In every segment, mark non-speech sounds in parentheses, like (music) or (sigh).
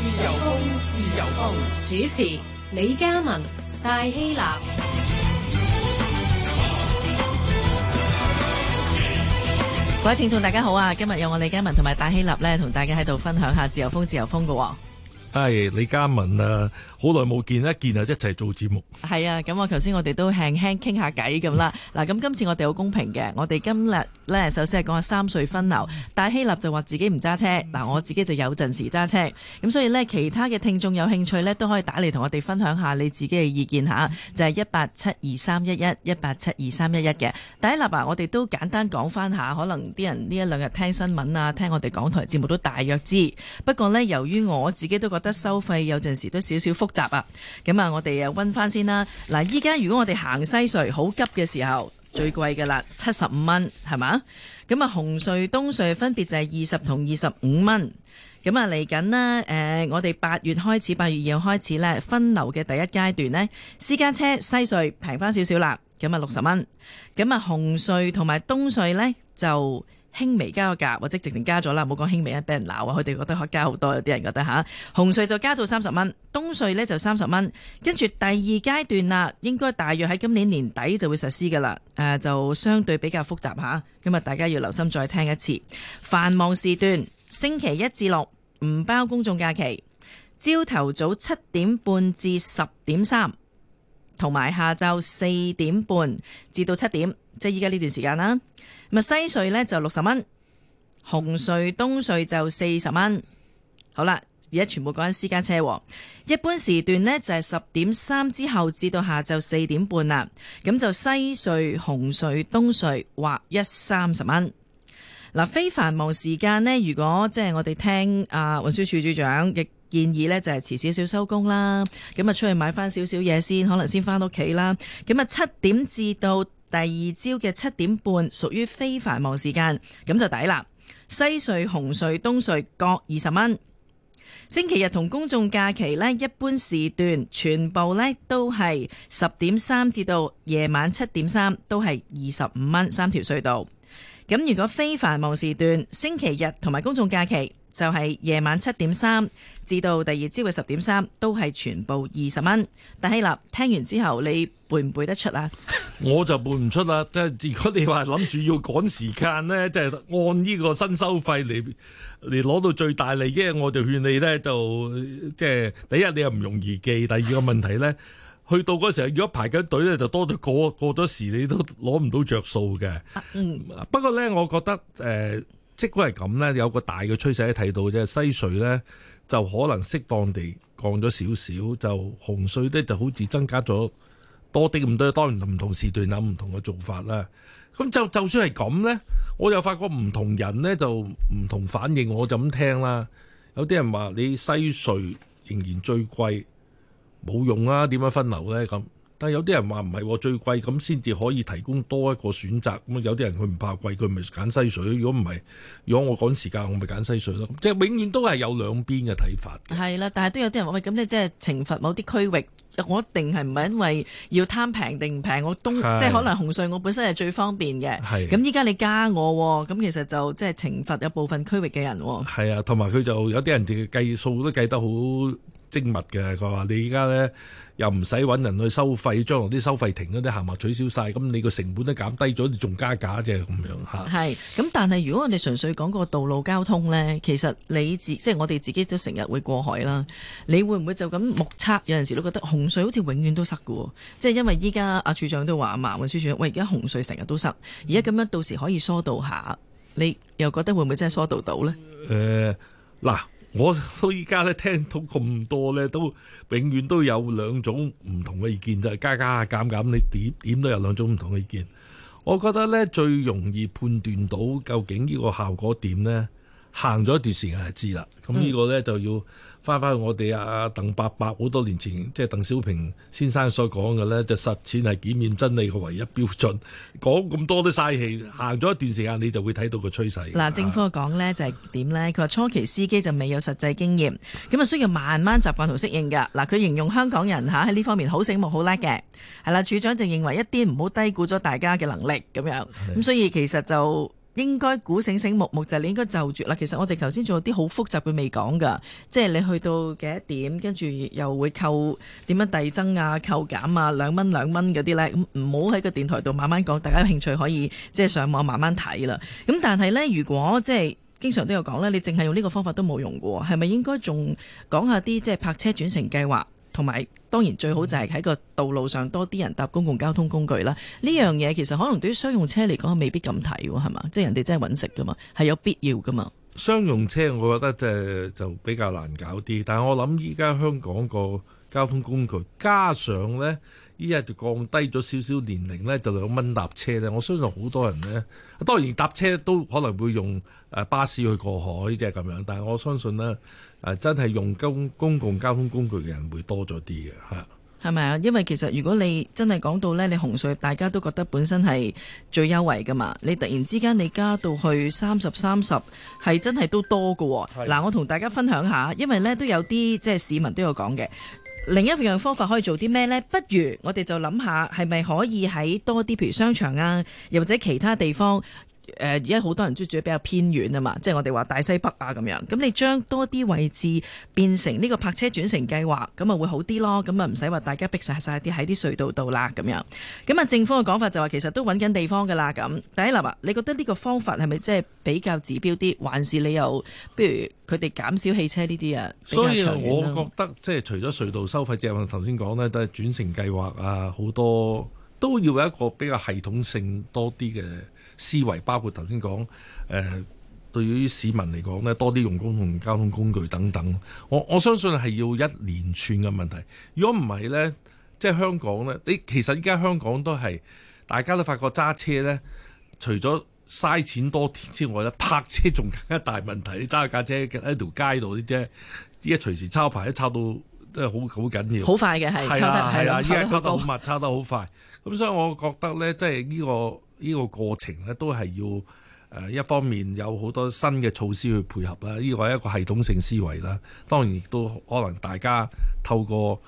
自由風，自由風。主持李家文、戴希立。各位聽眾，大家好啊！今日有我李家文同埋戴希立咧，同大家喺度分享下自由風，自由風噶、哦。係李嘉文啊，好耐冇見，一見啊一齊做節目。係啊，咁我頭先我哋都輕輕傾下偈咁啦。嗱、 (laughs) 啊，咁今次我哋好公平嘅，我哋今日呢，首先係講下三隧分流。戴希立就話自己唔揸車，嗱、啊，我自己就有陣時揸車。咁所以呢，其他嘅聽眾有興趣呢，都可以打嚟同我哋分享下你自己嘅意見吓，就係一八七二三一一一八七二三一一嘅。戴希立啊，我哋都簡單講翻下，可能啲人呢一兩日聽新聞啊，聽我哋港台節目都大約知。不過呢，由於我自己都覺得。收費有陣時都少少複雜啊，咁啊，我哋啊溫翻先啦。嗱，依家如果我哋行西隧好急嘅時候，最貴嘅啦，七十五蚊係嘛？咁啊，紅隧、東隧分別就係二十同二十五蚊。咁啊，嚟緊啦，誒，我哋八月開始，八月二號開始呢，分流嘅第一階段呢，私家車西隧平翻少少啦，咁啊六十蚊。咁啊，紅隧同埋東隧呢，就。輕微加個價，或者直情加咗啦，唔好講輕微啊，俾人鬧啊，佢哋覺得可加好多。有啲人覺得吓、啊，紅隧就加到三十蚊，東隧呢就三十蚊，跟住第二階段啦，應該大約喺今年年底就會實施噶啦。誒、啊，就相對比較複雜吓，咁啊，大家要留心再聽一次繁忙時段，星期一至六唔包公眾假期，朝頭早七點半至十點三，同埋下晝四點半至到七點，即係依家呢段時間啦。咁啊，西隧咧就六十蚊，紅隧東隧就四十蚊。好啦，而家全部講緊私家車，一般時段呢就係十點三之後至到下晝四點半啦。咁就西隧、紅隧、東隧劃一三十蚊。嗱，非繁忙時間呢，如果即係我哋聽啊運輸署署長嘅建議呢，就係遲少少收工啦。咁啊出去買翻少少嘢先，可能先翻屋企啦。咁啊七點至到。第二朝嘅七點半屬於非繁忙時間，咁就抵啦。西隧、紅隧、東隧各二十蚊。星期日同公眾假期呢，一般時段全部呢都係十點三至到夜晚七點三，都係二十五蚊三條隧道。咁如果非繁忙時段，星期日同埋公眾假期就係夜晚七點三。至到第二朝嘅十點三，都係全部二十蚊。但係嗱，聽完之後你背唔背得出啊？ (laughs) 我就背唔出啦，即係如果你話諗住要趕時間咧，即係 (laughs) 按呢個新收費嚟嚟攞到最大利益，我就勸你咧，就即係、就係、第一你又唔容易記，第二個問題咧， (laughs) 去到嗰時候如果排緊隊咧，就多咗過咗過咗時，你都攞唔到着數嘅。啊嗯、不過咧，我覺得誒、呃，即使係咁咧，有個大嘅趨勢睇到，即係西隧咧。就可能適當地降咗少少，就紅隧呢就好似增加咗多啲咁多，當然唔同時段諗唔同嘅做法啦。咁就就算係咁呢，我又發覺唔同人呢就唔同反應，我就咁聽啦。有啲人話你西隧仍然最貴，冇用啊，點樣分流呢？咁？但有啲人話唔係喎，最貴咁先至可以提供多一個選擇。咁有啲人佢唔怕貴，佢咪揀西隧。如果唔係，如果我趕時間，我咪揀西隧咯。即係永遠都係有兩邊嘅睇法。係啦，但係都有啲人話喂，咁你即係懲罰某啲區域。我一定係唔係因為要貪平定唔平？我東的即係可能紅隧，我本身係最方便嘅。係的。咁依家你加我，咁其實就即係懲罰有部分區域嘅人。係啊，同埋佢就有啲人就計數都計得好。精密嘅，佢話你而家呢又唔使揾人去收費，將嗰啲收費亭嗰啲行物取消晒。咁你個成本都減低咗，你仲加價啫，咁樣嚇。係，咁但係如果我哋純粹講個道路交通呢，其實你自即係我哋自己都成日會過海啦，你會唔會就咁目測有陣時都覺得紅隧好似永遠都塞嘅喎？即係因為依家阿處長都話阿麻運輸處長喂，而家紅隧成日都塞，而家咁樣到時可以疏導下，你又覺得會唔會真係疏導到呢？誒嗱、呃。我到依家咧聽到咁多咧，都永遠都有兩種唔同嘅意見，就加加減減，你點點都有兩種唔同嘅意見。我覺得咧，最容易判斷到究竟呢個效果點咧。行咗一段時間就知啦，咁呢個呢，嗯、就要翻翻我哋阿阿鄧伯伯好多年前，即係鄧小平先生所講嘅呢，就實踐係檢驗真理嘅唯一標準。講咁多都嘥氣，行咗一段時間你就會睇到個趨勢。嗱、嗯，政府講呢就係點呢？佢話初期司機就未有實際經驗，咁啊需要慢慢習慣同適應嘅。嗱、啊，佢形容香港人嚇喺呢方面好醒目、好叻嘅，係啦。處長就認為一啲唔好低估咗大家嘅能力咁樣，咁的所以其實就。應該鼓醒醒目目，就係、是、你應該就住啦。其實我哋頭先仲有啲好複雜嘅未講噶，即係你去到幾多點，跟住又會扣點樣遞增啊、扣減啊、兩蚊兩蚊嗰啲呢？唔好喺個電台度慢慢講，大家有興趣可以即係上網慢慢睇啦。咁但係呢，如果即係經常都有講呢，你淨係用呢個方法都冇用嘅喎，係咪應該仲講下啲即係泊車轉乘計劃？同埋當然最好就係喺個道路上多啲人搭公共交通工具啦。呢樣嘢其實可能對於商用車嚟講未必咁睇喎，係嘛？即係人哋真係揾食噶嘛，係有必要噶嘛？商用車我覺得就比較難搞啲，但係我諗依家香港個交通工具加上呢。依日就降低咗少少年齡呢，就兩蚊搭車呢。我相信好多人呢，當然搭車都可能會用巴士去過海，即係咁樣。但我相信呢，真係用公公共交通工具嘅人會多咗啲嘅嚇。係咪啊？因為其實如果你真係講到呢，你紅隧大家都覺得本身係最優惠㗎嘛。你突然之間你加到去三十三十，係真係都多嘅。嗱是的，我同大家分享下，因為呢都有啲即係市民都有講嘅。另一樣方法可以做啲咩呢？不如我哋就諗下，係咪可以喺多啲，譬如商場啊，又或者其他地方。誒，而家好多人都住得比較偏遠啊嘛，即係我哋話大西北啊咁樣。咁你將多啲位置變成呢個泊車轉乘計劃，咁啊會好啲咯。咁啊唔使話大家逼晒晒啲喺啲隧道度啦。咁樣咁啊，政府嘅講法就話其實都揾緊地方噶啦。咁第一粒你覺得呢個方法係咪即係比較指標啲，還是你又不如佢哋減少汽車呢啲啊？所以我覺得即係除咗隧道收費，正如頭先講呢，都係轉乘計劃啊，好多都要有一個比較系統性多啲嘅。思維包括頭先講，誒、呃、對於市民嚟講呢，多啲用公共交通工具等等。我我相信係要一連串嘅問題。如果唔係呢，即係香港呢，你其實依家香港都係大家都發覺揸車呢，除咗嘥錢多啲之外呢，泊車仲一大問題。你揸架車喺條街度啲啫，依家隨時抄牌都抄到，真係好好緊要。好快嘅係，係啊依家抄得好密，好好抄得好快。咁、嗯、所以我覺得呢，即係呢、呢個。呢個過程咧，都係要誒一方面有好多新嘅措施去配合啦，呢個係一個系統性思維啦。當然亦都可能大家透過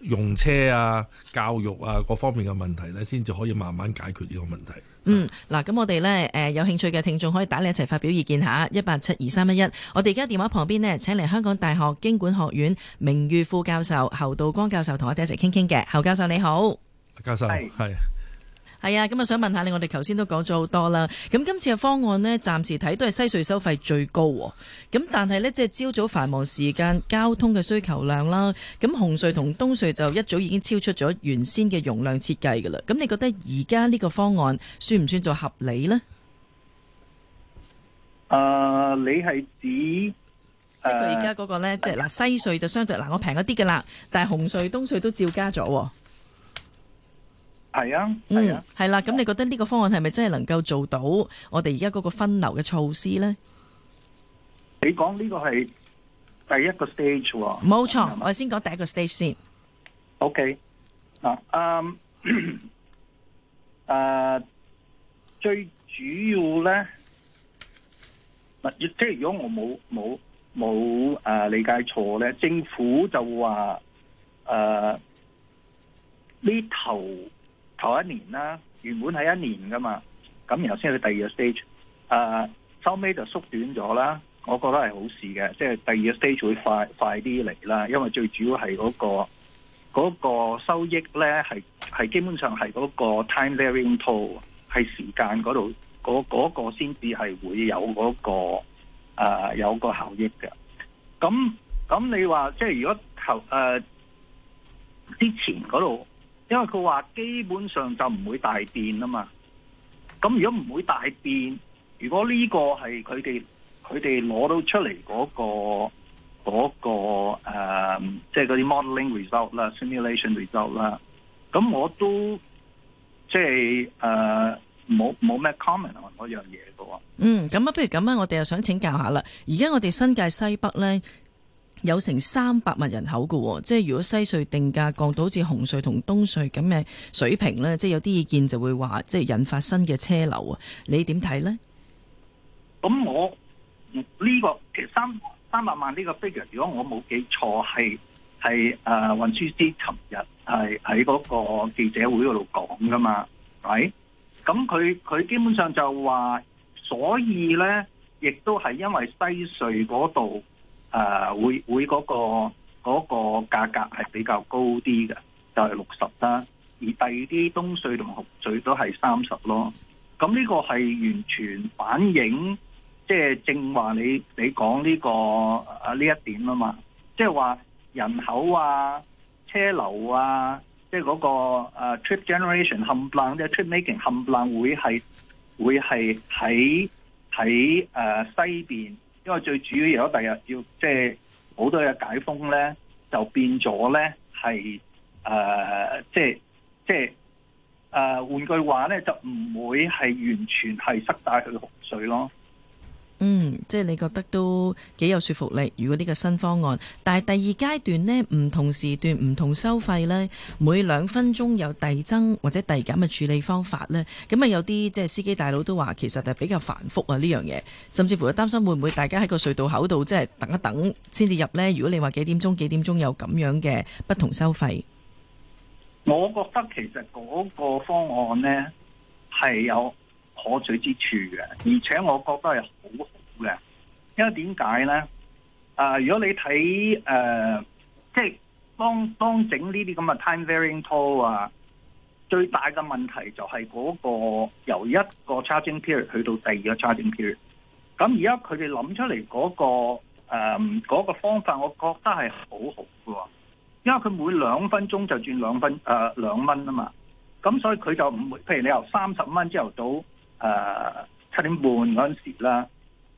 用車啊、教育啊各方面嘅問題咧，先至可以慢慢解決呢個問題。嗯，嗱，咁我哋呢，誒有興趣嘅聽眾可以打嚟一齊發表意見下，一八七二三一一。我哋而家電話旁邊呢，請嚟香港大學經管學院名譽副教授侯道光教授同我哋一齊傾傾嘅。侯教授你好，教授係。是係啊，咁啊想問下你，我哋頭先都講咗好多啦。咁今次嘅方案呢，暫時睇都係西隧收費最高，咁但係呢，即係朝早繁忙時間交通嘅需求量啦。咁紅隧同東隧就一早已經超出咗原先嘅容量設計噶啦。咁你覺得而家呢個方案算唔算做合理呢？啊、uh,，你係指即係佢而家嗰個呢，即係嗱西隧就相對嗱、uh, 我平一啲噶啦，但係紅隧東隧都照加咗。係啊，係啊，係啦、嗯。咁、啊、你覺得呢個方案係咪真係能夠做到我哋而家嗰個分流嘅措施咧？你講呢個係第一個 stage 喎錯。冇錯吧，我先講第一個 stage 先。OK，嗱、uh,，誒， (coughs) 誒、uh,，最主要咧，即係如果我冇冇冇誒理解錯咧，政府就話誒呢頭。頭一年啦，原本係一年噶嘛，咁然後先去第二個 stage，誒收尾就縮短咗啦。我覺得係好事嘅，即係第二個 stage 會快快啲嚟啦，因為最主要係嗰、那個嗰、那個收益咧係係基本上係嗰個 time l a y i n g to 係時間嗰度，嗰嗰、那個先至係會有嗰、那個誒、呃、有個效益嘅。咁咁你話即係如果頭誒、呃、之前嗰度？因為佢話基本上就唔會大變啊嘛，咁如果唔會大變，如果呢個係佢哋佢哋攞到出嚟嗰個嗰個誒，即係嗰啲 modeling result 啦，simulation result 啦，咁我都即係誒冇冇咩 comment 嗰樣嘢嘅喎。嗯，咁啊，不如咁啊，我哋又想請教下啦，而家我哋新界西北咧。有成三百萬人口噶，即係如果西隧定價降到好似紅隧同東隧咁嘅水平咧，即係有啲意見就會話，即係引發新嘅車流啊？你點睇咧？咁我呢、這個其實三三百萬呢個 figure，如果我冇記錯，係係誒運輸司尋日係喺嗰個記者會嗰度講噶嘛？係、right?，咁佢佢基本上就話，所以咧，亦都係因為西隧嗰度。誒、啊、會會嗰、那個嗰、那個、價格係比較高啲嘅，就係六十啦。而第二啲東隧同紅隧都係三十咯。咁呢個係完全反映，即、就、係、是、正話你你講呢、這個啊呢一點啊嘛，即係話人口啊、車流啊，即係嗰個、啊、trip generation 冚唪唥，即、就、係、是、trip making 冚唪唥，會係會係喺喺西邊。因為最主要有第日要即係好多嘢解封咧，就變咗咧係誒，即係即係誒換句話咧，就唔會係完全係塞晒去紅隧咯。嗯，即係你覺得都幾有說服力，如果呢個新方案，但係第二階段呢，唔同時段唔同收費呢，每兩分鐘有遞增或者遞減嘅處理方法呢。咁啊有啲即係司機大佬都話，其實係比較繁複啊呢樣嘢，甚至乎擔心會唔會大家喺個隧道口度即係等一等先至入呢。如果你話幾點鐘幾點鐘有咁樣嘅不同收費，我覺得其實嗰個方案呢係有可取之處嘅，而且我覺得係好好嘅，因為點解咧？啊、呃，如果你睇誒、呃，即係當當整呢啲咁嘅 time varying toll 啊，最大嘅問題就係嗰個由一個 charging period 去到第二個 charging period，咁而家佢哋諗出嚟嗰、嗰個誒、呃嗰個、方法，我覺得係好好嘅，因為佢每兩分鐘就轉兩分誒、呃、兩蚊啊嘛，咁所以佢就唔會，譬如你由三十蚊朝頭早。誒，七點半嗰陣時啦，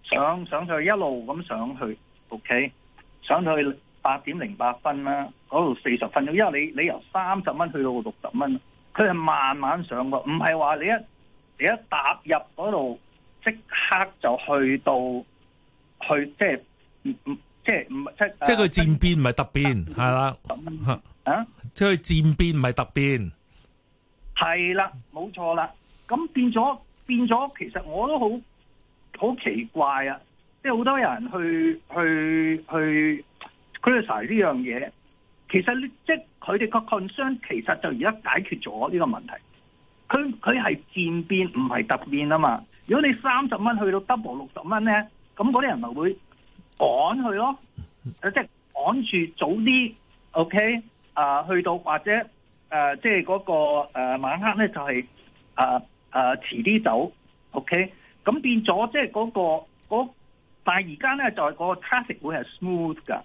上上去一路咁上去，OK，上去八點零八分啦，嗰度四十分鐘，因為你你由三十蚊去到六十蚊，佢係慢慢上嘅，唔係話你一你一踏入嗰度即刻就去到去即係唔唔即係唔即係即係佢漸變唔係突變係啦，吓啊，即係漸變唔係突變，係啦變，冇錯啦，咁變咗。變咗，其實我都好好奇怪啊！即係好多人去去去 criticize 呢樣嘢，其實即係佢哋個 concern 其實就而家解決咗呢個問題。佢佢係漸變唔係突變啊嘛！如果你三十蚊去到 double 六十蚊咧，咁嗰啲人咪會趕去咯，即係趕住早啲。OK 啊，去到或者誒，即係嗰個誒晚黑咧，就係誒。誒、呃、遲啲走，OK，咁變咗即係嗰個嗰，但係而家咧就係、是、嗰個 traffic 會係 smooth 噶，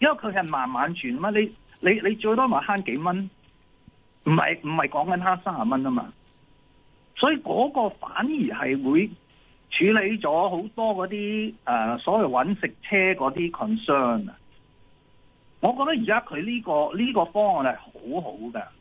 因為佢係慢慢轉嘛，你你你最多咪慳幾蚊，唔係唔係講緊慳三十蚊啊嘛，所以嗰個反而係會處理咗好多嗰啲誒所謂揾食車嗰啲 concern 啊，我覺得而家佢呢個呢、呢個方案係好好噶。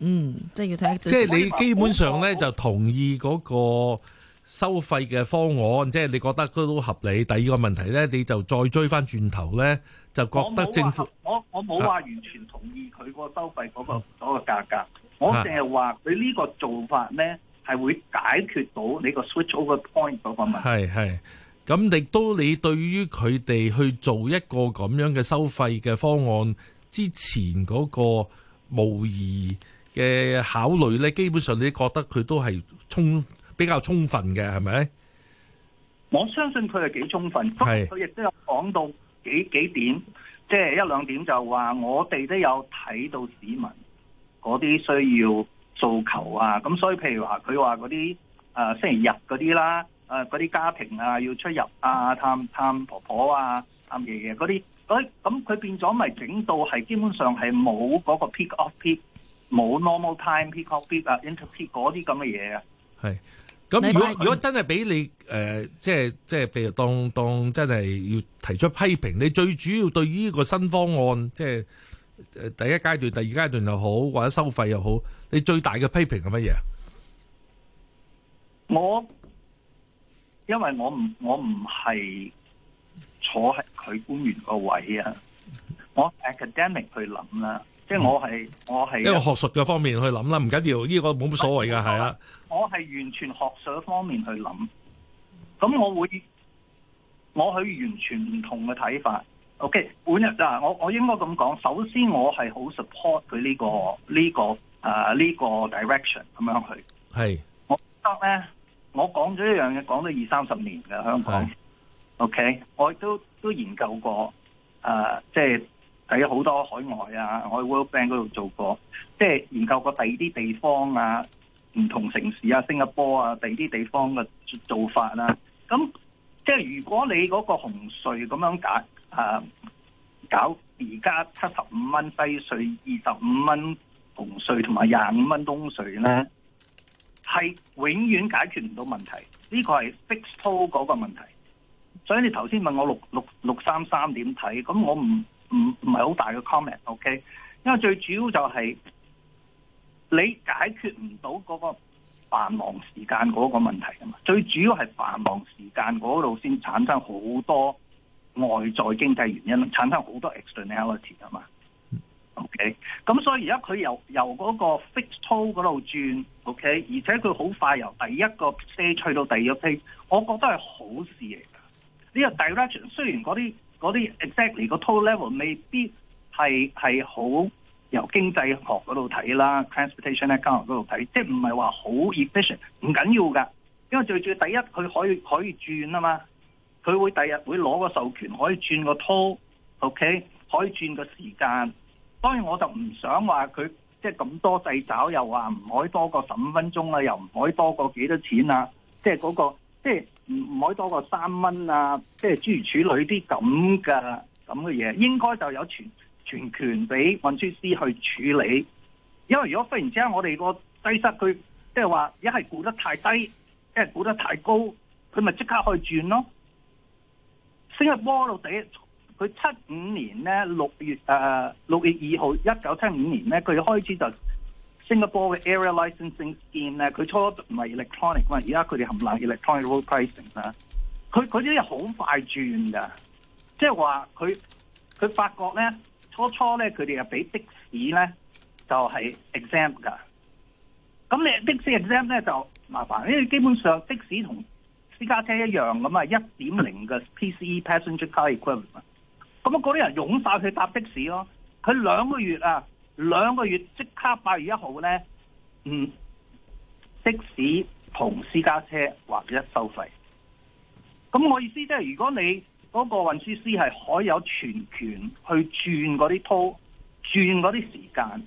嗯，即係要睇即係你基本上咧就同意嗰個收費嘅方案，即係你覺得都都合理。第二個問題咧，你就再追翻轉頭咧，就覺得政府我我冇話完全同意佢、個收費嗰個嗰個價格，啊、我淨係話佢呢個做法咧係會解決到你個 switch over point 嗰個問題。係係，咁亦都你對於佢哋去做一個咁樣嘅收費嘅方案之前嗰個模擬，嘅考慮咧，基本上你覺得佢都係充比較充分嘅，係咪？我相信佢係幾充分，不過佢亦都有講到幾幾點，即係一兩點就話我哋都有睇到市民嗰啲需要訴求啊。咁所以譬如話，佢話嗰啲誒星期日嗰啲啦，誒嗰啲家庭啊要出入啊探探婆婆啊，探爺爺嗰啲，咁佢變咗咪整到係基本上係冇嗰個 peak off peak 冇 normal time pick up 啊，interpret 嗰啲咁嘅嘢啊。係，咁如果如果真係俾你誒、呃，即係即係，譬如當當真係要提出批評，你最主要對呢個新方案，即係第一階段、第二階段又好，或者收費又好，你最大嘅批評係乜嘢？我因為我唔我唔係坐喺佢官員個位啊，我 academic 去諗啦。即係我係我係，嗯、是一個學術嘅方面去諗啦，唔緊要呢個冇乜所謂嘅，係啊。我係完全學術方面去諗，咁我會我可以完全唔同嘅睇法。OK，本日嗱，我我應該咁講，首先我係好 support 佢呢個呢、呢個啊呢、呃呢個 direction 咁樣去。係是我覺得咧，我講咗一樣嘢講咗二三十年嘅香港。是 OK，我亦都都研究過啊、呃，即係。喺好多海外啊，我喺 World Bank 嗰度做過，即、就、係、是、研究過第二啲地方啊，唔同城市啊，新加坡啊，第二啲地方嘅做法啦、啊。咁即係如果你嗰個紅隧咁樣打啊，搞而家七十五蚊低稅、二十五蚊紅隧同埋廿五蚊東隧咧，係永遠解決唔到問題。呢、這個係 fixed toll 嗰個問題。所以你頭先問我六六六三三點睇，咁我唔。唔唔係好大嘅 comment，OK，因為最主要就係你解決唔到嗰個繁忙時間嗰個問題啊嘛，最主要係繁忙時間嗰度先產生好多外在經濟原因咯，產生好多 externalities 啊嘛。OK，咁所以而家佢由由嗰個 fixed toll 嗰度轉 OK，而且佢好快由第一個 stage 到第二個 stage，我覺得係好事嚟噶。呢個 direction 雖然嗰啲。嗰啲 exactly 個 toll level 未必係係好由經濟學嗰度睇啦，transportation 喺交通嗰度睇，即、e、fficient, 係唔係話好 efficient，唔緊要㗎，因為最最第一佢可以可以轉啊嘛，佢會第二日會攞個授權可以轉個 toll，OK 可以轉個時間。當然我就唔想話佢即係咁多掣肘，又話唔可以多過十五分鐘啦又唔可以多過幾多錢啊，即係、那、嗰個。即係唔唔可以多過三蚊啊！即係諸如此類啲咁嘅咁嘅嘢，應該就有全全權俾運輸司去處理。因為如果忽然之間我哋個低塞佢即係話一係估得太低，一係估得太高，佢咪即刻可以轉咯。新加坡到底，佢七五年咧六月誒，六月二號一九七五年咧，佢開始就。新加坡嘅 Area Licensing Scheme 咧，佢初初唔係 Electronic，但而家佢哋含冷 Electronic Road Pricing 啦。佢啲嘢好快轉噶，即係話佢佢發覺咧，初初咧佢哋係俾的士咧就係 exempt 㗎。咁你的士 exempt 咧就麻煩，因為基本上的士同私家車一樣咁啊，一點零嘅 PCE Passenger Car Equivalent。咁啊，嗰啲人湧晒去搭的士咯。佢兩個月啊！兩個月即刻八月一號咧，嗯，的士同私家車或者收費。咁我意思即係如果你嗰個運輸司係可以有全權去轉嗰啲拖，轉嗰啲時間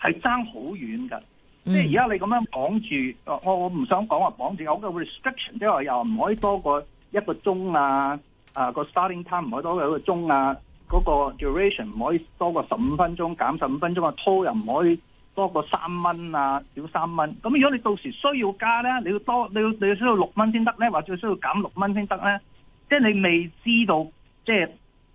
係爭好遠㗎。嗯、即係而家你咁樣綁住，我我唔想講話綁住我嘅 restriction，即係又唔可以多過一個鐘啊，啊個 starting time 唔可以多過一個鐘啊。嗰個 duration 唔可以多過十五分鐘，減十五分鐘啊！total 又唔可以多過三蚊啊，少三蚊。咁如果你到時需要加咧，你要多，你要你要需要六蚊先得咧，或者需要減六蚊先得咧，即係你未知道，即係。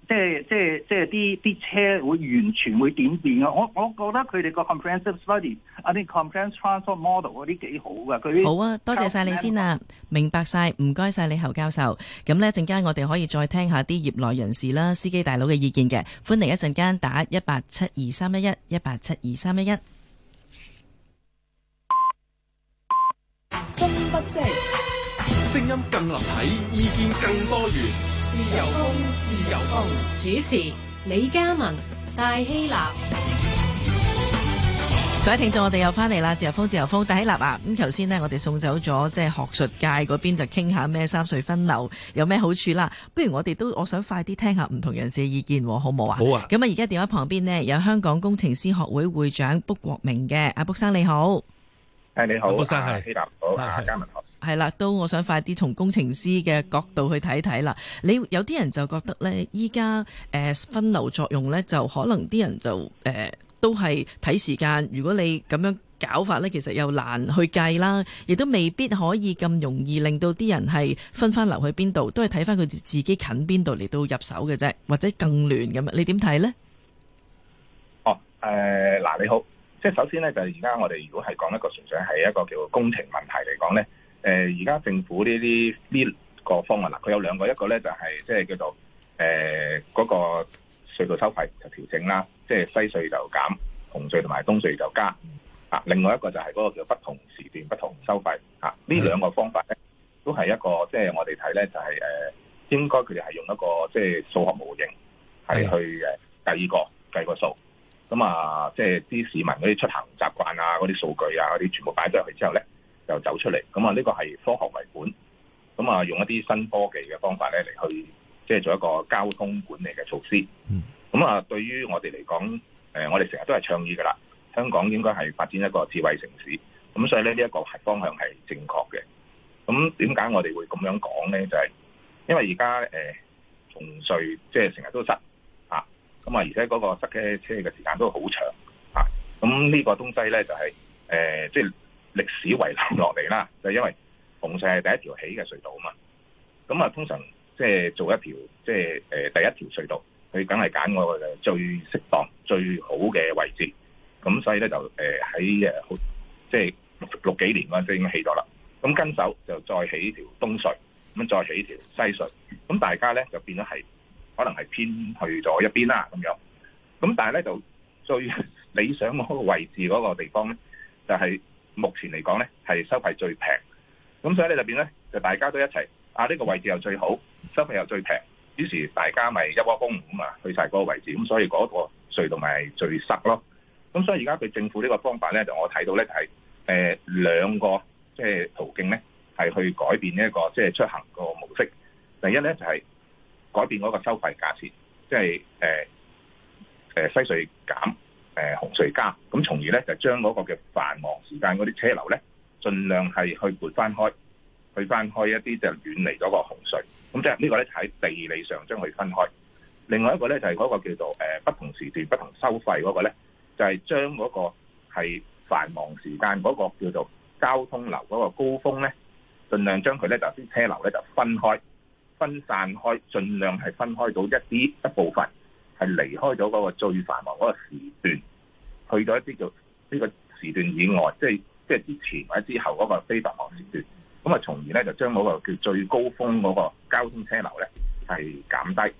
即係即係即係啲啲車會完全會點變啊！我我覺得佢哋個 comprehensive study 啊啲 comprehensive transport model 嗰啲幾好噶。佢好啊！多謝晒你先啦，嗯、明白晒，唔該晒你侯教授。咁呢，陣間我哋可以再聽下啲業內人士啦，司機大佬嘅意見嘅。歡迎一陣間打一八七二三一一一八七二三一一。更不自由風，自由風，主持李家文、戴希立。各位聽眾，我哋又翻嚟啦！自由風，自由風，戴希立啊！咁頭先呢，我哋送走咗即係學術界嗰邊，就傾下咩三隧分流有咩好處啦、啊。不如我哋都我想快啲聽下唔同人士嘅意見，好唔好啊？好啊！咁啊，而家電話旁邊呢，有香港工程師學會會長卜國明嘅阿卜生，你好。誒，你好，卜生係，希加文學係啦。都我想快啲從工程師嘅角度去睇睇啦。你有啲人就覺得呢，依家誒分流作用呢，就可能啲人就誒、呃、都係睇時間。如果你咁樣搞法呢，其實又難去計啦，亦都未必可以咁容易令到啲人係分翻流去邊度，都係睇翻佢自己近邊度嚟到入手嘅啫，或者更亂咁。你點睇呢？哦，誒、呃、嗱，你好。即係首先咧，就係而家我哋如果係講一個純粹係一個叫做工程問題嚟講咧，誒而家政府呢啲呢個方案啦，佢有兩個，一個咧就係、是、即係叫做誒、呃嗰個隧道收費就調整啦，即係西隧就減，紅隧同埋東隧就加啊，另外一個就係嗰個叫不同時段不同收費吓，呢、啊、兩個方法咧都係一個即係我哋睇咧就係、是、誒、啊，應該佢哋係用一個即係數學模型係、啊、的去誒第二個計個數。咁啊，即係啲市民嗰啲出行習慣啊，嗰啲數據啊，嗰啲全部擺咗入去之後咧，就走出嚟。咁啊，呢個係科學為本。咁啊，用一啲新科技嘅方法咧嚟去，即係做一個交通管理嘅措施。咁啊，對於我哋嚟講，我哋成日都係倡議㗎啦。香港應該係發展一個智慧城市。咁所以咧，呢一個方向係正確嘅。咁點解我哋會咁樣講咧？就係、是、因為而家誒，紅隧，即係成日都塞。咁啊，而且嗰個塞車嘅時間都好長啊！咁呢個東西咧就係、係、誒，即、呃、係、就係、歷史遺留落嚟啦。就係、因為紅隧係第一條起嘅隧道啊嘛。咁啊，通常即係做一條即係誒第一條隧道，佢梗係揀我嘅最適當、最好嘅位置。咁所以咧就誒喺誒即係六幾年嗰陣已經起咗啦。咁跟手就再起一條東隧，咁再起一條西隧。咁大家咧就變咗係。可能係偏去咗一邊啦，咁樣，咁但係咧就最理想嗰個位置嗰個地方咧，就係、是、目前嚟講咧係收費最平，咁所以喺入邊咧就大家都一齊啊呢、這個位置又最好，收費又最平，於是大家咪一窩蜂咁啊去晒嗰個位置，咁所以嗰個隧道咪最塞咯，咁所以而家佢政府呢個方法咧，就我睇到咧就係誒兩個即係途徑咧係去改變呢、這、一個即係、就是、出行個模式，第一咧就係、是。改變嗰個收費價錢，即係誒誒西隧減，誒、呃、紅隧加，咁從而咧就將嗰個嘅繁忙時間嗰啲車流咧，盡量係去撥翻開，去翻開一啲就遠離咗個紅隧，咁即係呢個咧係喺地理上將佢分開。另外一個咧就係、是、嗰個叫做誒、呃、不同時段不同收費嗰個咧，就係、是、將嗰個係繁忙時間嗰個叫做交通流嗰個高峰咧，盡量將佢咧就啲、是、車流咧就分開。分散開，盡量係分開到一啲一部分，係離開咗嗰個最繁忙嗰個時段，去到一啲叫呢個時段以外，即係即係之前或者之後嗰個非繁忙時段。咁啊，從而咧就將嗰個叫最高峰嗰個交通車流咧係減低。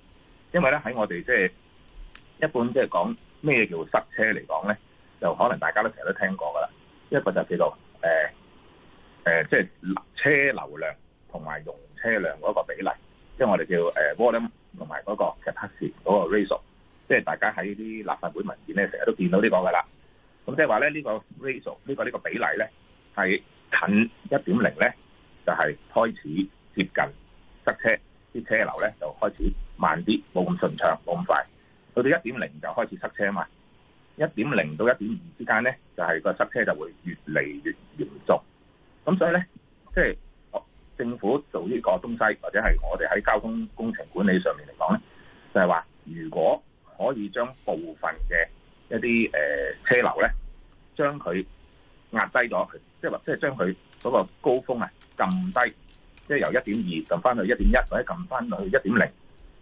因為咧喺我哋即係一般即係講咩叫塞車嚟講咧，就可能大家都成日都聽過噶啦。一個就係、叫做誒誒，即、呃、係、呃就係、車流量同埋用車量嗰個比例。即係我哋叫誒 volume 同埋嗰個嘅 capacity 嗰個 ratio，即係大家喺啲立法會文件咧，成日都見到呢個㗎啦。咁即係話咧，呢個 ratio 呢個呢個比例咧，係近一點零咧，就係開始接近塞車，啲車流咧就開始慢啲，冇咁順暢，冇咁快。去到一點零就開始塞車啊嘛。一點零到一點五之間咧，就係個塞車就會越嚟越嚴重。咁所以咧，即係。政府做呢個東西，或者係我哋喺交通工程管理上面嚟講咧，就係話如果可以將部分嘅一啲誒車流咧，將佢壓低咗，即係話即係將佢嗰個高峰啊撳低，即係由一點二撳翻到一點一，或者撳翻到去一點零，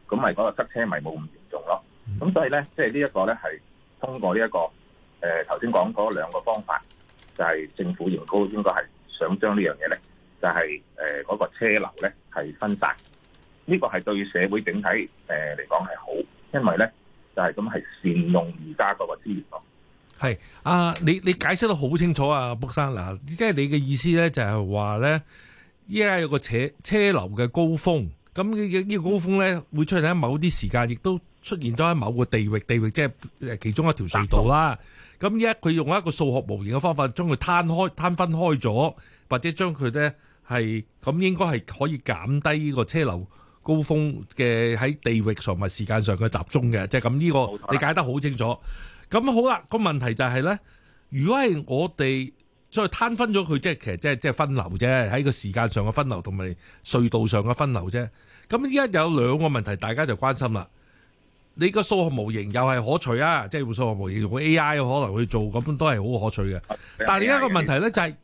咁咪嗰個塞車咪冇咁嚴重咯。咁所以咧，即係呢一個咧係通過呢一個誒頭先講嗰兩個方法，就係政府研高應該係想將呢樣嘢咧。就係誒嗰個車流咧係分散，呢、這個係對社會整體誒嚟講係好，因為咧就係咁係善用而家嗰個資源咯。係阿、啊、你你解釋得好清楚啊，卜生嗱、啊，即係你嘅意思咧就係話咧依家有個車車流嘅高峰，咁呢呢個高峰咧會出現喺某啲時間，亦都出現咗喺某個地域地域，即係其中一條隧道啦。咁依家佢用一個數學模型嘅方法將攤，將佢攤開攤分開咗，或者將佢咧。係咁，是應該係可以減低呢個車流高峰嘅喺地域上同埋時間上嘅集中嘅，即係咁呢個你解得好清楚。咁好啦，個問題就係咧，如果係我哋即係攤分咗佢，即係其實即係即係分流啫，喺個時間上嘅分流同埋隧道上嘅分流啫。咁依家有兩個問題，大家就關心啦。你個數學模型又係可取啊，即係用數學模型用 AI 可能去做，咁都係好可取嘅。嗯，但係另一個問題咧就係、是。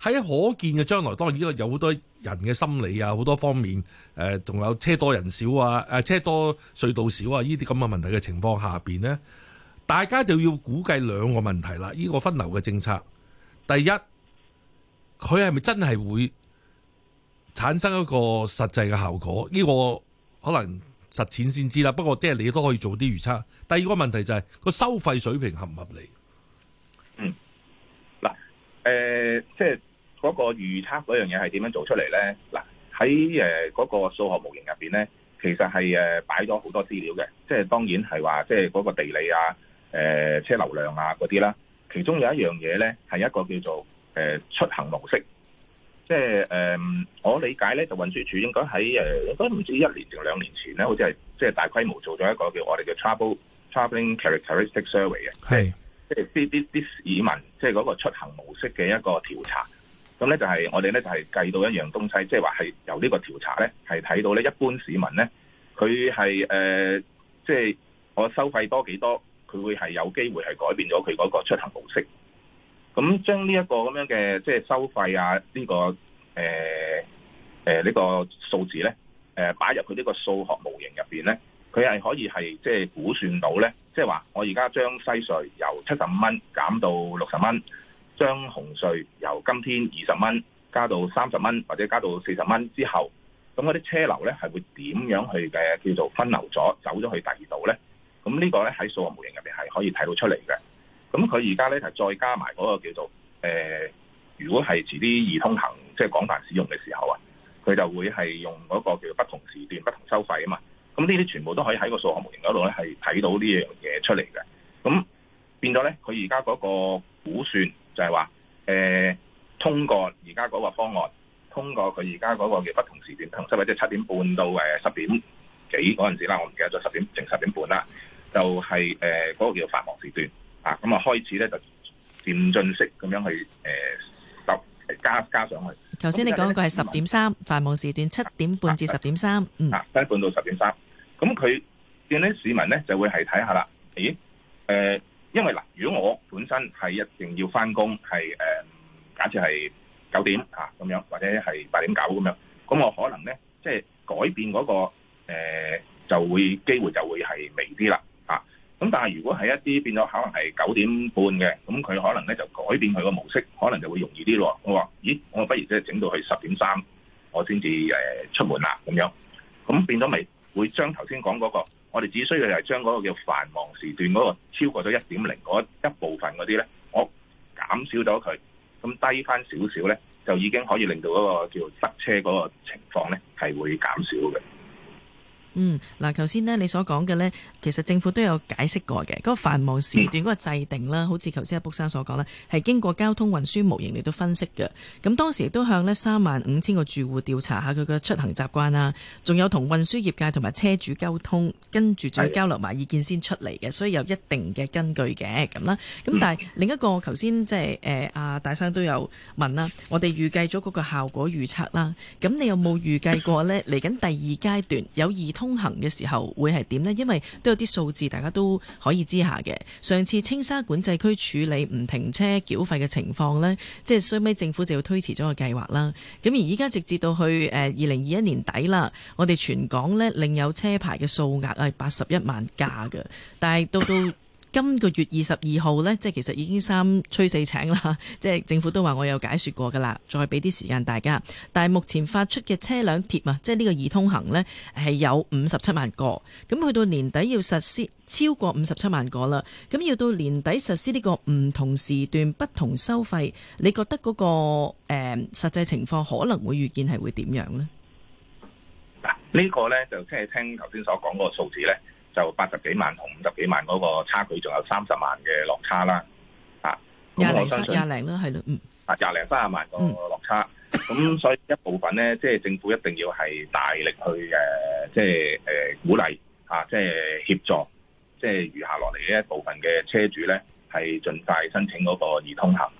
喺可見嘅將來，當然呢個有好多人嘅心理啊，好多方面，誒，仲有車多人少啊，誒，車多隧道少啊，呢啲咁嘅問題嘅情況下邊呢，大家就要估計兩個問題啦。呢個分流嘅政策，第一，佢係咪真係會產生一個實際嘅效果？呢個可能實踐先知啦。不過即係你都可以做啲預測。第二個問題就係個收費水平合唔合理？嗯，嗱，誒，即係。嗰個預測嗰樣嘢係點樣做出嚟咧？嗱喺嗰個數學模型入面咧，其實係誒擺咗好多資料嘅，即係當然係話即係嗰個地理啊、誒、呃、車流量啊嗰啲啦。其中有一樣嘢咧，係一個叫做誒、呃、出行模式，即係誒、呃、我理解咧，就運輸署應該喺誒應該唔知一年定兩年前咧，好似係即係大規模做咗一個叫我哋嘅 travel travelling characteristic survey 嘅是，係即係啲啲啲市民即係嗰個出行模式嘅一個調查。咁咧就係我哋咧就係計到一樣東西，即係話係由呢個調查咧，係睇到咧一般市民咧，佢係誒，即係我收費多幾多，佢會係有機會係改變咗佢嗰個出行模式。咁將呢一個咁樣嘅即係收費啊，呢個誒、誒、呢個數字咧，誒擺入佢呢個數學模型入面咧，佢係可以係即係估算到咧，即係話我而家將西隧由七十五蚊減到六十蚊。將紅隧由今天二十蚊加到三十蚊，或者加到四十蚊之後，咁嗰啲車流咧係會點樣去嘅叫做分流咗走咗去第二度咧？咁呢個咧喺數學模型入邊係可以睇到出嚟嘅。咁佢而家咧就再加埋嗰個叫做誒、呃，如果係遲啲易通行即係廣泛使用嘅時候啊，佢就會係用嗰個叫不同時段不同收費啊嘛。咁呢啲全部都可以喺個數學模型嗰度咧係睇到這東西呢樣嘢出嚟嘅。咁變咗咧，佢而家嗰個估算。就係話誒，通過而家嗰個方案，通過佢而家嗰個叫不同時段，唔同收費，即係七點半到誒、呃、十點幾嗰陣時啦，我唔記得咗十點定十點半啦，就係誒嗰個叫繁忙時段啊，咁啊開始咧就漸進式咁樣去誒十加加上去。頭先你講過係十點三，繁忙時段，七點半至十點三，嗯，七點、啊、半到十點三，咁佢令啲市民咧就會係睇下啦，咦誒？呃因為嗱，如果我本身係一定要翻工，係誒，假設係九點啊咁樣，或者係八點九咁樣，咁我可能咧，即係改變嗰個誒，就會機會就會係微啲啦嚇。咁但係如果係一啲變咗，可能係九點半嘅，咁佢可能咧就改變佢個模式，可能就會容易啲咯。我話咦，我不如即係整到去十點三，我先至誒出門啦咁樣。咁變咗咪會將頭先講嗰個？我哋只需要就係將嗰個叫繁忙時段嗰個超過咗一點零嗰一部分嗰啲咧，我減少咗佢，咁低翻少少咧，就已經可以令到嗰個叫塞車嗰個情況咧係會減少嘅。嗯，嗱，頭先咧你所講嘅咧，其實政府都有解釋過嘅。嗰個繁忙時段個制定啦，嗯、好似頭先阿卜生所講啦，係經過交通運輸模型嚟到分析嘅。咁當時亦都向咧三萬五千個住戶調查下佢嘅出行習慣啊，仲有同運輸業界同埋車主溝通，跟住再交流埋意見先出嚟嘅，的所以有一定嘅根據嘅咁啦。咁但係另一個頭、嗯就是呃、先即係誒阿大生都有問啦，我哋預計咗嗰個效果預測啦，咁你有冇預計過咧嚟緊第二階段有二？通行嘅時候會係點呢？因為都有啲數字，大家都可以知下嘅。上次青沙管制區處理唔停車繳費嘅情況呢，即係衰尾政府就要推遲咗個計劃啦。咁而依家直至到去誒二零二一年底啦，我哋全港呢另有車牌嘅數額係八十一萬架嘅，但係到到。今個月二十二號呢，即係其實已經三催四請啦，即係政府都話我有解說過噶啦，再俾啲時間大家。但係目前發出嘅車輛貼啊，即係呢個易通行呢，係有五十七萬個，咁去到年底要實施超過五十七萬個啦。咁要到年底實施呢個唔同時段不同收費，你覺得嗰、那個誒、呃、實際情況可能會預見係會點樣呢？嗱，呢個呢，就即、是、係聽頭先所講嗰個數字呢。就八十幾萬同五十幾萬嗰個差距，仲有三十萬嘅落差啦，多啊，廿零多、廿零啦，係咯，嗯，啊，廿零、三十萬個落差，咁、嗯、所以一部分咧，即、就、係、是、政府一定要係大力去誒，即係誒鼓勵啊，即係協助，即、就、係、是、餘下落嚟呢一部分嘅車主咧，係盡快申請嗰個易通行。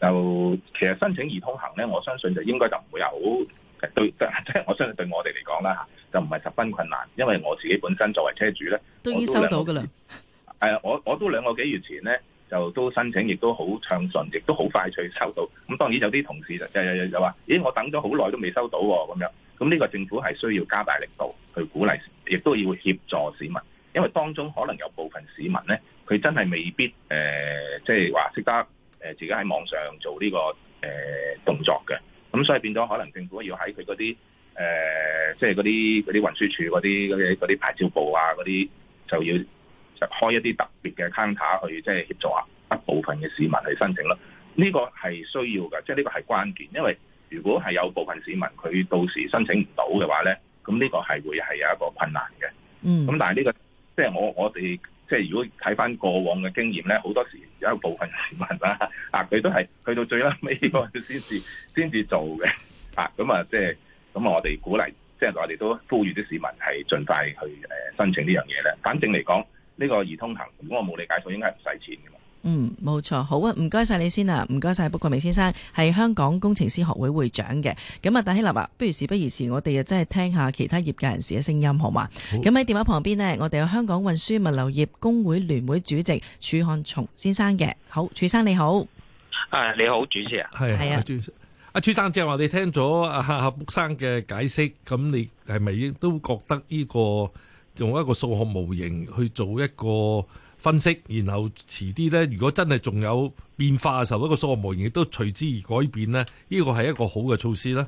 就其實申請易通行咧，我相信就應該就唔會有，對，即 (laughs) 係我相信對我哋嚟講啦。就唔係十分困難，因為我自己本身作為車主咧，都已經收到㗎喇。我我都兩個幾月前咧，就都申請，亦都好暢順，亦都好快脆收到。咁當然有啲同事就就話，咦，我等咗好耐都未收到喎、哦。咁樣，咁呢個政府係需要加大力度去鼓勵，亦都要協助市民，因為當中可能有部分市民咧，佢真係未必誒，即係話識得自己喺網上做呢、呢個誒、呃、動作嘅。咁所以變咗，可能政府要喺佢嗰啲。誒、呃，即係嗰啲啲運輸署嗰啲啲啲牌照部啊，嗰啲就要就開一啲特別嘅 counter 去即係協助下一部分嘅市民去申請咯。呢、這個係需要㗎，即係呢個係關鍵，因為如果係有部分市民佢到時申請唔到嘅話咧，咁呢個係會係有一個困難嘅。嗯。咁但係、這、呢個即係我我哋即係如果睇翻過往嘅經驗咧，好多時有一部分市民啊，啊佢都係去到最拉尾嗰個先至先至做嘅。啊，咁啊，即係。咁啊，我哋鼓勵，即係我哋都呼籲啲市民係盡快去誒申請呢樣嘢咧。反正嚟講，呢個易通行，如果我冇理解錯，應該係唔使錢嘅。嗯，冇錯，好啊，唔該晒你先啊，唔該晒卜國明先生，係香港工程師學會會長嘅。咁啊，戴希立啊，不如事不宜遲我哋又真係聽下其他業界人士嘅聲音，好嗎？咁喺好電話旁邊呢，我哋有香港運輸物流業工會聯會主席儲漢松先生嘅。好，儲先生你好。誒、啊，你好，主持啊。係啊，阿朱生即係話你聽咗阿阿卜生嘅解釋，咁你係咪亦都覺得呢個用一個數學模型去做一個分析，然後遲啲呢？如果真係仲有變化嘅時候，一個數學模型亦都隨之而改變呢？呢個係一個好嘅措施咧。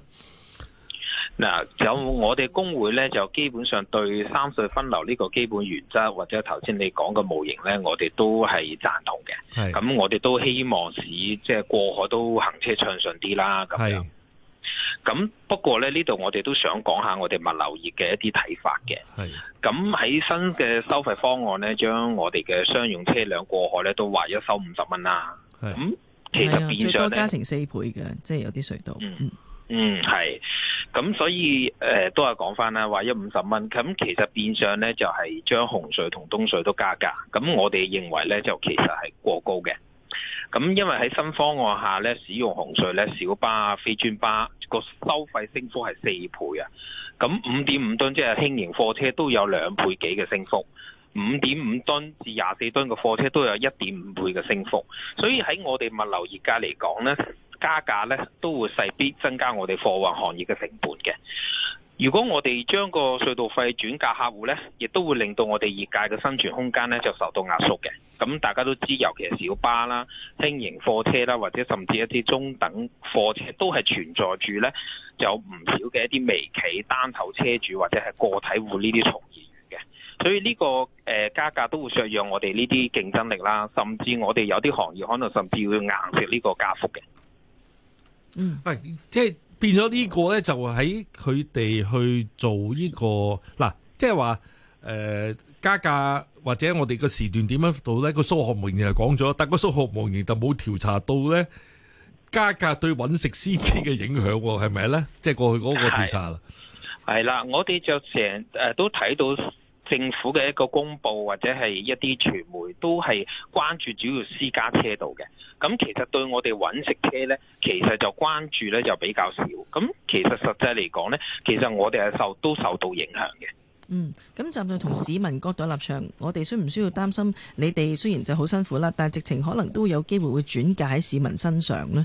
嗱，有我哋工會咧，就基本上對三隧分流呢個基本原則，或者頭先你講嘅模型咧，我哋都係贊同嘅。係咁是，我哋都希望使即係過海都行車暢順啲啦。咁樣咁是，不過咧，呢度我哋都想講一下我哋物流業嘅一啲睇法嘅。係咁喺新嘅收費方案咧，將我哋嘅商用車輛過海咧都話要收五十蚊啦。係咁是，其實變相咧，最多加成四倍嘅，即係有啲隧道。嗯。嗯，係，咁所以，誒、呃，都係講翻啦，話一五十蚊，咁其實變相咧就係將紅隧同東隧都加價，咁我哋認為咧就其實係過高嘅，咁因為喺新方案下咧，使用紅隧咧小巴啊、非專巴個收費升幅係四倍啊，咁五點五噸即係輕型貨車都有兩倍幾嘅升幅。五點五噸至廿四噸嘅貨車都有一點五倍嘅升幅，所以喺我哋物流業界嚟講，呢加價呢都會勢必增加我哋貨運行業嘅成本嘅。如果我哋將個隧道費轉嫁客戶呢，亦都會令到我哋業界嘅生存空間呢就受到壓縮嘅。咁大家都知，尤其是小巴啦、輕型貨車啦，或者甚至一啲中等貨車，都係存在住呢，有唔少嘅一啲微企、單頭車主或者係個體戶呢啲從業。所以呢、這個誒、呃、加價都會削弱我哋呢啲競爭力啦，甚至我哋有啲行業可能甚至會硬食呢個價幅嘅。嗯，喂、就是這個啊，即係變咗呢個咧，就喺佢哋去做呢個嗱，即係話誒加價或者我哋個時段點樣到咧？數但個數學模型就係講咗，但個數學模型就冇調查到咧加價對搵食司機嘅影響係咪咧？即係、就是、過去嗰個調查啦。係啦，我哋就成誒、呃、都睇到。政府嘅一個公佈或者係一啲傳媒都係關注主要私家車道嘅，咁其實對我哋揾食車咧，其實就關注咧就比較少。咁其實實際嚟講咧，其實我哋係受都受到影響嘅。嗯，咁站就同市民角度立場，我哋需唔需要擔心？你哋雖然就好辛苦啦，但係直情可能都有機會會轉嫁喺市民身上咧。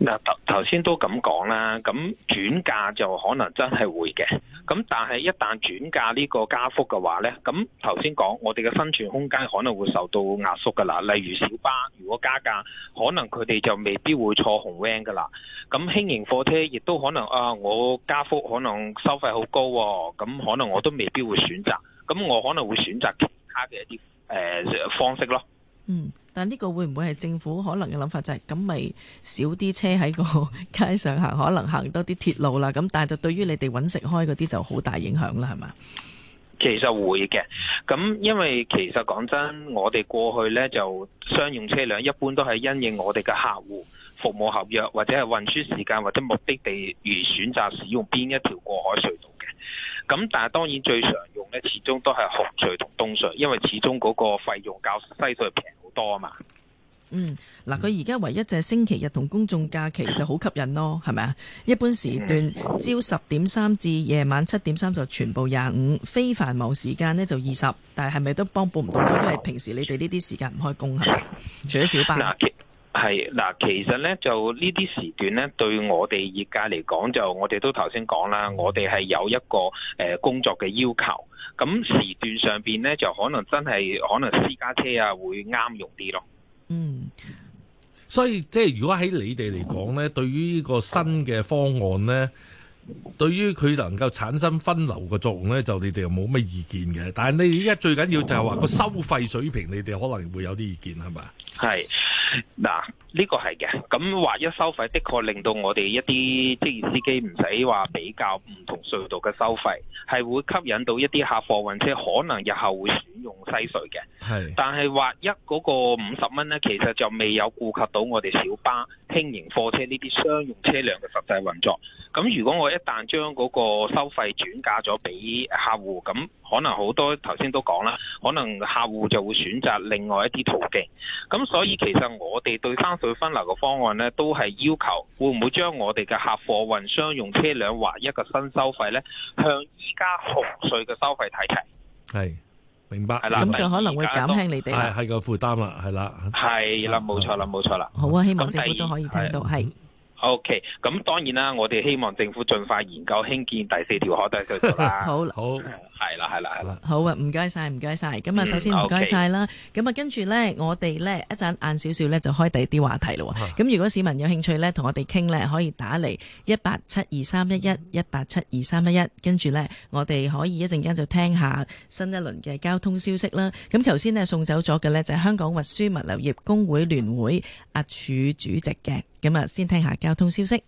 嗱，頭頭先都咁講啦，咁轉嫁就可能真係會嘅，咁但係一旦轉嫁呢個加幅嘅話呢，咁頭先講我哋嘅生存空間可能會受到壓縮噶啦，例如小巴如果加價，可能佢哋就未必會坐紅 van 噶啦，咁輕型貨車亦都可能啊，我加幅可能收費好高喎，咁可能我都未必會選擇，咁我可能會選擇其他嘅一啲誒、呃、方式咯，嗯。但呢個會唔會係政府可能嘅諗法，就係咁，咪少啲車喺個街上行，可能行多啲鐵路啦。咁但係就對於你哋搵食開嗰啲就好大影響啦，係嘛？其實會嘅，咁因為其實講真，我哋過去呢就商用車輛一般都係因應我哋嘅客戶服務合約或者係運輸時間或者目的地而選擇使用邊一條過海隧道嘅。咁但係當然最常用呢，始終都係紅隧同東隧，因為始終嗰個費用較西隧平。多嘛？嗯，嗱，佢而家唯一就係星期日同公眾假期就好吸引咯，係咪啊？一般時段朝十點三至夜晚七點三就全部廿五，非繁忙時間呢就二十，但係係咪都幫補唔到？因為平時你哋呢啲時間唔開工係咪？除咗小巴。係嗱，其實咧就呢啲時段咧，對我哋業界嚟講，就我哋都頭先講啦，我哋係有一個誒工作嘅要求，咁時段上邊咧就可能真係可能私家車啊會啱用啲咯。嗯，所以即係如果喺你哋嚟講咧，對於呢個新嘅方案咧。對於佢能夠產生分流嘅作用呢，就你哋又冇咩意見嘅。但係你而家最緊要就係話個收費水平，你哋可能會有啲意見，係咪？係，嗱，呢個係嘅。咁劃一收費的確令到我哋一啲職業司機唔使話比較唔同隧道嘅收費，係會吸引到一啲客貨運車，可能日後會選用西隧嘅。係是，但係劃一嗰個五十蚊呢，其實就未有顧及到我哋小巴，輕型貨車呢啲商用車輛嘅實際運作，咁如果我一旦將嗰個收費轉嫁咗俾客戶，咁可能好多頭先都講啦，可能客戶就會選擇另外一啲途徑。咁所以其實我哋對三隧分流嘅方案呢，都係要求會唔會將我哋嘅客貨運商用車輛劃一個新收費呢，向依家紅隧嘅收費睇齊係。明白，咁係就可能會減輕你哋啦，係個負擔啦，係啦，係啦係，冇錯啦，冇錯啦，好啊，希望政府都可以聽到，係。O.K. 咁當然啦，我哋希望政府盡快研究興建第四條海底隧道啦。 (laughs) 好，好，係啦，係啦，係啦。好啊，唔該晒，唔該晒。咁啊，首先唔該晒啦。咁啊，跟住呢，我哋呢一陣晏少少呢就開第二啲話題咯。咁 (laughs) 如果市民有興趣呢，同我哋傾呢，可以打嚟一八七二三一一一八七二三一一。跟住呢，我哋可以一陣間就聽下新一輪嘅交通消息啦。咁頭先呢，送走咗嘅呢就係、是、香港運輸物流業工會聯會阿、啊、儲、嗯、主席嘅。今日先聽下交通消息。